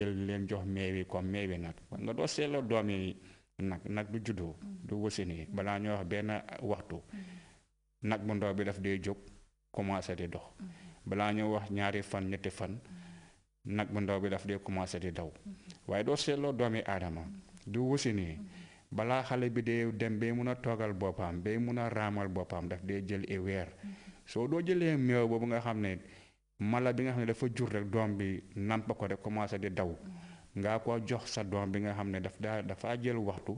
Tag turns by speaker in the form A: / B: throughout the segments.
A: jël leen jox meewi comme meewi nag nga doo seetloo doom yi nag nag du juddoo du wasini balaa ñuy wax benn waxtu mm-hmm. nag bu ndaw bi daf dee jóg commencé di dox mm-hmm. balaa ñu wax ñaari fan ñetti fan mm-hmm. nag bu ndaw bi daf dee commencé di daw waaye doo seetloo doomi aadama du wasini balaa xale bi dee dem bay mun a toogal boppam bay mun a raamal boppam daf dee jël i weer soo doo jëlee meew boobu nga xam ne mala bi nga xam ne dafa jur rek doom bi nampa ko rek commencé di daw nga ko jox sa doom bi nga xam ne daf daa dafa jël waxtu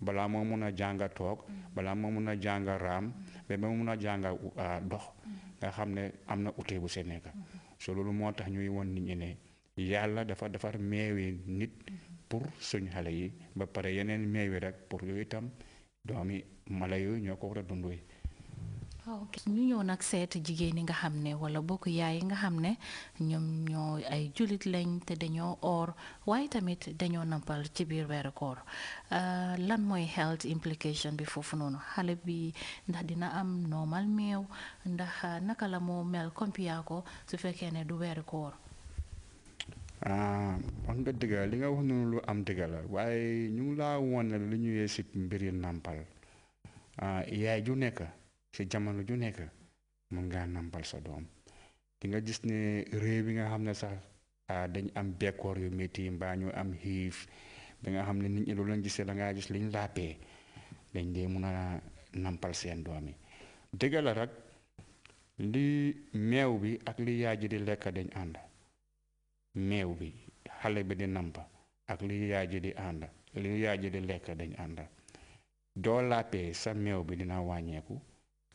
A: balaa moo mun a jàng toog balaa moo mun a jàng raam ba ba a jàng ah, dox nga xam na bu see so loolu moo ñuy won nit ñi ne yàlla dafa defar meewi nit pour suñ xale yi ba pare yeneen meewi rek pour yooyu itam doomi mala yooyu ñoo dundoy
B: ñu ñëw nag seet jigéen yi nga xam ne wala bokk yaay yi nga xam ne ñoom ñoo ay jullit lañ te dañoo oor waaye tamit dañoo nampal ci biir weeru koor euh, lan mooy health implication bi foofu noonu xale bi ndax dina am normal meew ndax euh, naka la moo mel compiyaa ko su fekkee ne du weeru koor
A: ah, wax nga dëgg li nga wax noonu lu am dëgg la waaye ñu laa won li ñu mbiri nàmpal ah, yaay ju nekk ci jamono ju nekk mun ngaa nampal sa doom di nga gis ne réew bi nga xam ne sax dañ am bekkoor yu metti mbaa ñu am xiif bi nga xam ne nit ñi loolu lañ gisee da ngaa gis liñ làppee dañ dee mun a nampal seen doom yi dëgg rek li meew bi ak li yaay ji di lekk dañ ànd meew bi xale bi di nampa ak li yaay ji di ànd li yaay ji di lekk dañ ànd doo làppee sa meew bi dina wàññeeku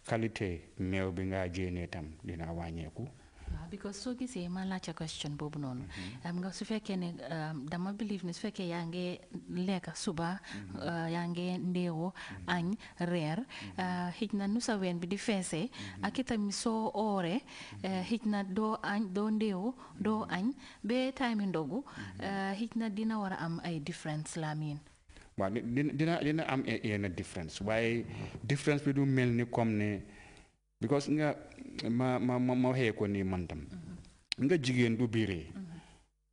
A: qualité meew bi ngaa génnee tam dina
B: wàññeeku. waaw because soo gisee ma laajte question boobu noonu. Mm-hmm. am nga su fekkee ne um, dama believe ni su fekkee yaa ngi lekk suba. Mm-hmm. Uh, yaa ngi ndeewoo mm-hmm. añ reer. Uh, xëj na nu sa ween bi di feesee. ak itam soo ooree. Uh, xëj na doo añ doo ndeewoo doo añ ba time ndogu. xëj na dina war a am ay difference la
A: waaw dina dina am yenn différence waaye différence bi du mel ni comme ne because nga ma ma ma waxee ko nii man tam nga jigéen du biiree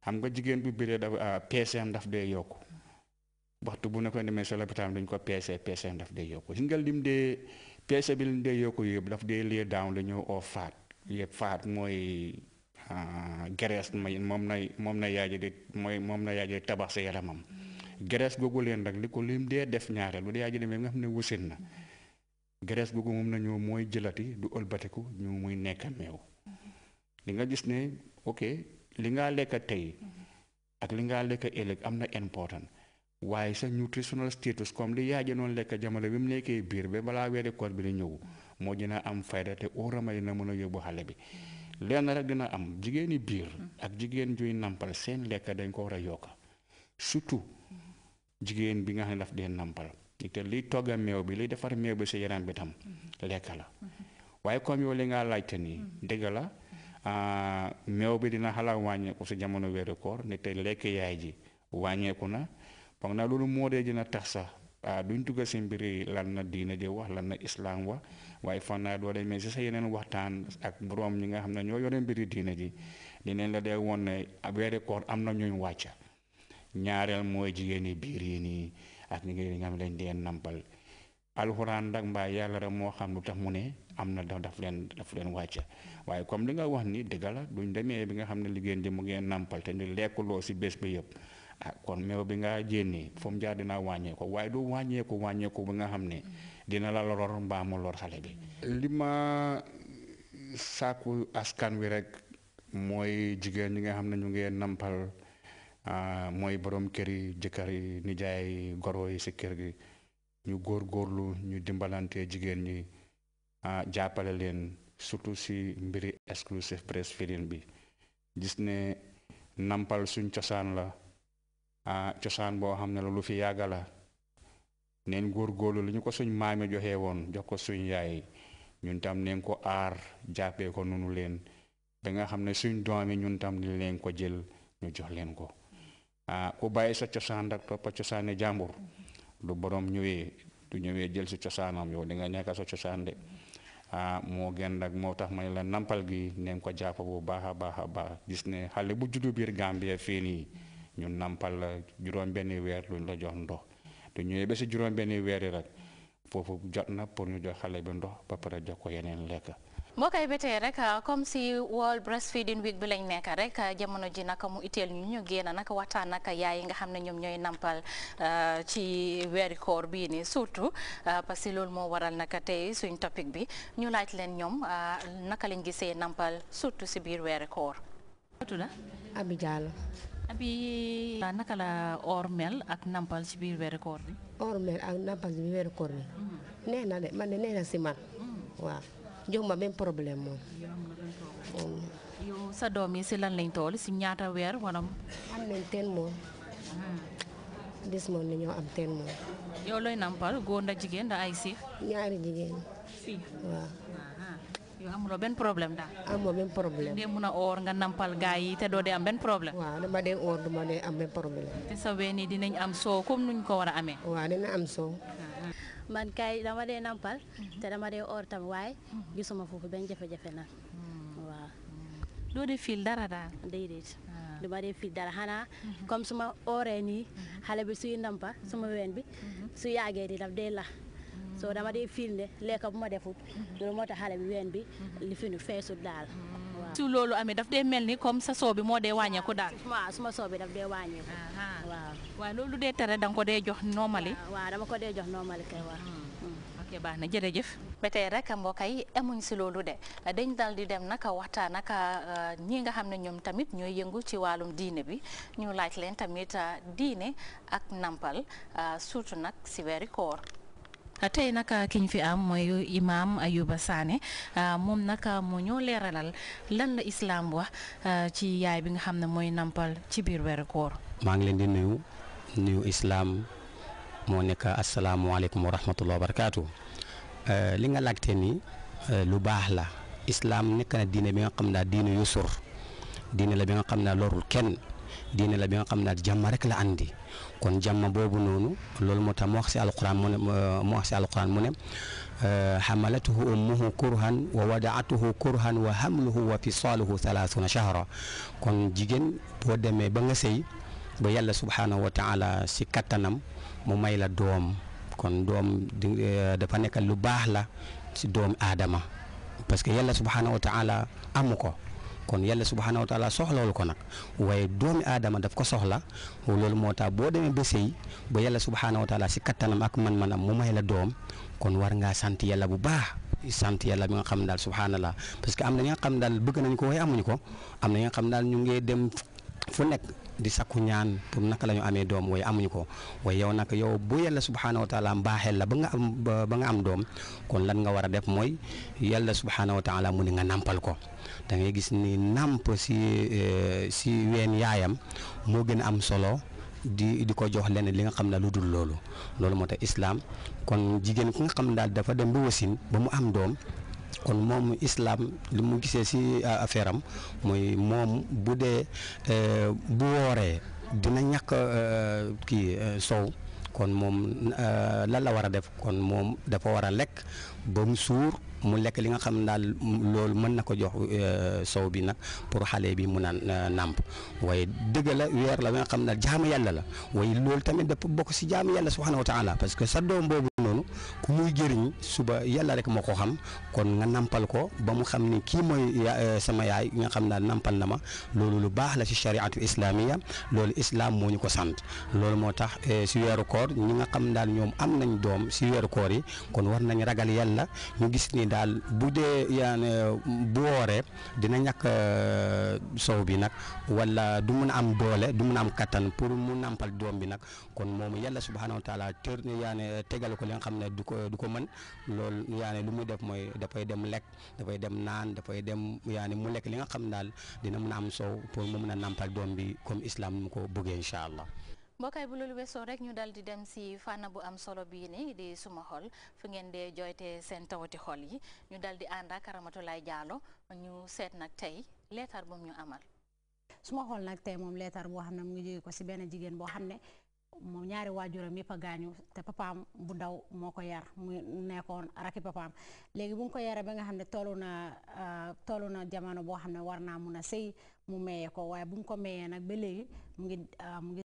A: xam nga jigéen bu biiree dafa ah, peeseem daf dee yokku waxtu bu ne ko demee sa lopitaan dañ ko peesee peeseem daf dee yokku si nga lim dee peese bi lim dee yokku yëpp daf dee lay down la ñëw oo faat yëpp faat mooy ah, gerees ma moom na moom na yaaje di mooy moom na yaaje tabax sa yaramam graisse googu leen rek li ko lim dee def ñaareel bu dee aji demee nga xam ne wasin na graisse googu moom nañoo mooy jëlati du ëlbatiku ñu muy nekk meew mm-hmm. li nga gis ne ok li ngaa lekk tey ak li ngaa lekk ëllëg am na important waaye sa nutritional status comme li yaay noonu lekk jamono bi mu nekkee biir ba balaa weeri koor bi di ñëw moo dina am fayda te óorama na mën a yóbbu xale bi mm-hmm. lenn rek dina am jigéeni biir mm-hmm. ak jigéen juy nàmpal seen lekk dañ ko war a yokk jigéen bi nga xam ne daf dee nàmpal te liy togga meew bi liy defar meew bi sa yaram bi tam mm-hmm. lekk la waaye comme yow li nga laajte nii mm-hmm. dëgg la mm-hmm. ah, meew bi dina xalaat wàññeeku si jamono weeru koor ne te lekk yaay ji wàññeeku na foog na loolu moo dee dina tax sax ah, duñ tugga si mbiri lan na diina ji wax lan na islaam wax waaye foog naa doo demee si sa yeneen waxtaan ak borom ñi nga xam ne ñoo yore mbiri diina ji di dinañ la dee woon ne weeru koor am na ñuñ wàcca ñaareel mooy jigéeni biir yi nii ak ni nga xam ne dee nampal alxuraan dak mbaa yàlla rek moo xam lu tax mu ne am na daf leen daf leen wàcc waaye comme li nga wax ni dëgg la duñ demee bi nga xam ne mu nampal te ni lekkuloo si bés ba yëpp ah kon meew bi nga jénni fu mu jaar dinaa wàññeeku waaye du wàññeeku wàññeeku bi nga xam ne dina la lor mbaa mu lor xale bi li ma askan wi rek mooy jigéen ñi nga xam ne ñu nampal Ah, mooy borom kër yi jëkkër yi nijaay yi goro yi si kër gi ñu góorgóorlu ñu dimbalante jigéen ñi ah, jàppale leen surtout si mbiri exclusive breastfeeding bi gis ne nampal suñ cosaan la ah, cosaan boo xam ne la lu fi yàgg la neen góorgóorlu li ñu ko suñ maame joxe woon jox ko suñ yaay ñun tam neen ko aar jàppee ko nunu leen ba nga xam ne suñ doom yi ñun tam ni leen ko jël ñu jox leen ko ah ku bàyyi sa cosaan rek toppa cosaane jàmbur lu borom ñëwee du ñëwee jël si cosaanam yow di nga nekk sa cosaan de ah moo gën nag moo tax ma ne la nampal gi neen ko jàpp bu baax a baax a baax gis ne xale bu juddu biir Gambia fii nii ñu nampal la juróom-benni weer luñ la jox ndox du ñëwee ba si juróom-benni weer yi rek foofu jot na pour ñu jox xale bi ndox ba pare jox ko yeneen lekk.
B: moo koy betee rek ah, comme si World Breastfeeding Week bi lañ nekk rek ah, jamono ji naka mu itteel ñu ñu génn naka waxtaan naka yaay yi nga xam ne ñoom ñooy nampal ah, ci weeri koor bii nii surtout parce que loolu moo waral naka tey suñ topic bi ñu laaj leen ñoom naka lañ gisee nampal surtout si biir weeri koor. Abi Diallo. Abi naka la or mel ak nampal si biir weeri koor bi. or mel ak nampal si biir weeri bi. Mm-hmm. neex de man de neex si man mm-hmm. waaw. jox ma benn problème moom. yow sa doom yi si lan lañ tool si ñaata weer wala. am nañ teen moom. Hmm. dis moom ni ñoo am teen moom. yow lay nampal góor nda jigéen da ay siix. ñaari jigéen. fii waaw. yow amuloo benn problème daal. amoo benn problème. de mun a oor nga nampal gaa yi te doo dee am benn problème. waaw dama dee oor duma dee am benn problème. te sa ween dinañ am soow comme nuñ ko war a amee. waaw dina am soow. man kay dama dee nampal. Mhm. te dama de oor waaye. Mhm. gisuma foofu benn jafe-jafe nag. Hmm. waaw. Hmm. doo dee fil dara daal. déedéet. Ah. du ma dee fil dara xanaa. Mhm. comme su ma ooree nii. xale bi suy nampa suma ween bi. su yaagee di daf dee la. soo dama de fil ne lekk bu ma defut. loolu moo tax xale bi ween bi. li fi nu feesut daal. su loolu amee daf dee mel ni comme sa soo bi moo dee wàññeeku daal. waaw suma soo bi daf dee wàññeeku. waaw waaw loolu dee tere da ko dee jox normali. waaw dama ko dee jox normali kay waaw. Hmm. Hmm. ok baax na jërëjëf. ba tey rek mbokk yi amuñ si loolu de dañ dal di dem naka waxtaan naka uh, ñi nga xam ne ñoom tamit ñooy yëngu ci wàllum diine bi ñu laaj leen tamit uh, diine ak nampal uh, surtout nag si weeri koor. tey nag ah, ki ñu fi am mooy imaam Ayuba Sané ah, moom nag ah, moo ñoo leeralal lan la islaam wax ci yaay bi nga xam ne mooy nampal ci biir weeru
C: maa ngi leen di nuyu nuyu islaam moo nekk asalaamualeykum wa rahmatulah wa barakaatu eh, li nga laajte ni eh, lu baax la islaam nekk na diine bi nga xam ne diine yusur diine la bi nga xam naa lorul kenn. diine la bi nga xam ne jàmm rek la andi kon jàmm boobu noonu loolu moo tax mu wax si alquran mu ne mu wax si alquran mu ne xamalatuhu ummuhu kurhan wa wadaatuhu kurhan wa hamluhu wa fisaaluhu thalathuna shahra kon jigéen boo demee ba nga sëy ba yàlla subhanahu wa taala si kattanam mu may la doom kon doom dafa nekk lu baax la si doom aadama parce que yàlla subhanahu wa taala amu ko kon yàlla subhaanahu wa taala soxlawul ko nag waaye doomi aadama daf ko soxla loolu moo tax boo demee ba sëy ba yàlla subhaanahu wa taala si kattanam ak man-manam mu may la doom kon war ngaa sant yàlla bu baax sant yàlla bi nga xam daal subhaanallah parce que am na ñi nga xam daal bëgg nañ ko waaye amuñu ko am na ñi nga xam daal ñu ngi dem fu nekk di sakku ñaan pour naka la ñu amee doom waaye amuñu ko waaye yow nag yow bu yàlla subhaanahu wa taala mbaaxeel la ba nga am ba am doom kon lan nga war a def mooy yàlla subhaanahu wa taala mu ne nga nàmpal ko dangay gis ni nàmp si eh, si ween yaayam moo gën a am solo di di ko jox leneen li nga xam ne lu dul loolu loolu moo tax islaam kon jigéen ki nga xam ne daal dafa dem ba wasin ba mu am doom kon moom islaam li mu gisee ci euh, affaire am mooy moom bu dee euh, bu wooree dina ñàkk euh, kii sow kon moom lan la war a def kon moom dafa war a lekk ba suur. mu lekk li nga xam daal loolu mën na ko jox euh, sow bi nag pour xale bi mun a euh, nàmp waaye dëgga la weer la nga xam daal jaamu yàlla la waaye loolu tamit dafa bokk si jaamu yàlla subhanahu wa taala parce que sa doom boobu noonu ku muy jëriñ suba yàlla rek moo ko xam kon nga nampal ko ba mu xam ni kii mooy euh, sama yaay nga xam daal nampal na ma loolu lu baax la si shariatu islamiya loolu islaam moo ñu ko sant loolu moo tax si weeru koor ñi nga xam daal ñoom am nañ doom si weeru koor yi kon war nañ ragal yàlla daal bu dee yaane bu wooree dina ñàkk euh, soow bi nag wala du mun a am doole du mun a am kattan pour mu nampal doom bi nag kon moom yàlla subhanahu wa taala tër yaane tegal ko li nga xam ne du ko du ko mën loolu yaane lu muy def mooy dafay dem lekk dafay dem naan dafay dem yaane mu lekk li nga xam daal dina mun a am sow pour mu mun a nampal doom bi comme islam mu ko bëggee incha
B: allah boo mbokkaay bu loolu soo rek ñu dal di dem si fànna bu am solo bii ni di suma xol fu ngeen dee jooyte seen tawati xol yi ñu dal di ànd ak Ramatulaay Jaalo ñu seet nag tey leetar bu ñu amal suma xol nag tey moom leetar boo xam ne mu ngi jóge ko si benn jigéen boo xam ne moom ñaari waajuram yëpp a gaañu te papaam bu ndaw moo ko yar mu nekkoon raki papaam léegi bu nga ko yaree ba nga xam ne tollu na euh, tollu na jamono boo xam ne war naa mun a sëy mu mayee ko waaye bu nga ko mayee nag ba léegi mu ngi euh, mu ngi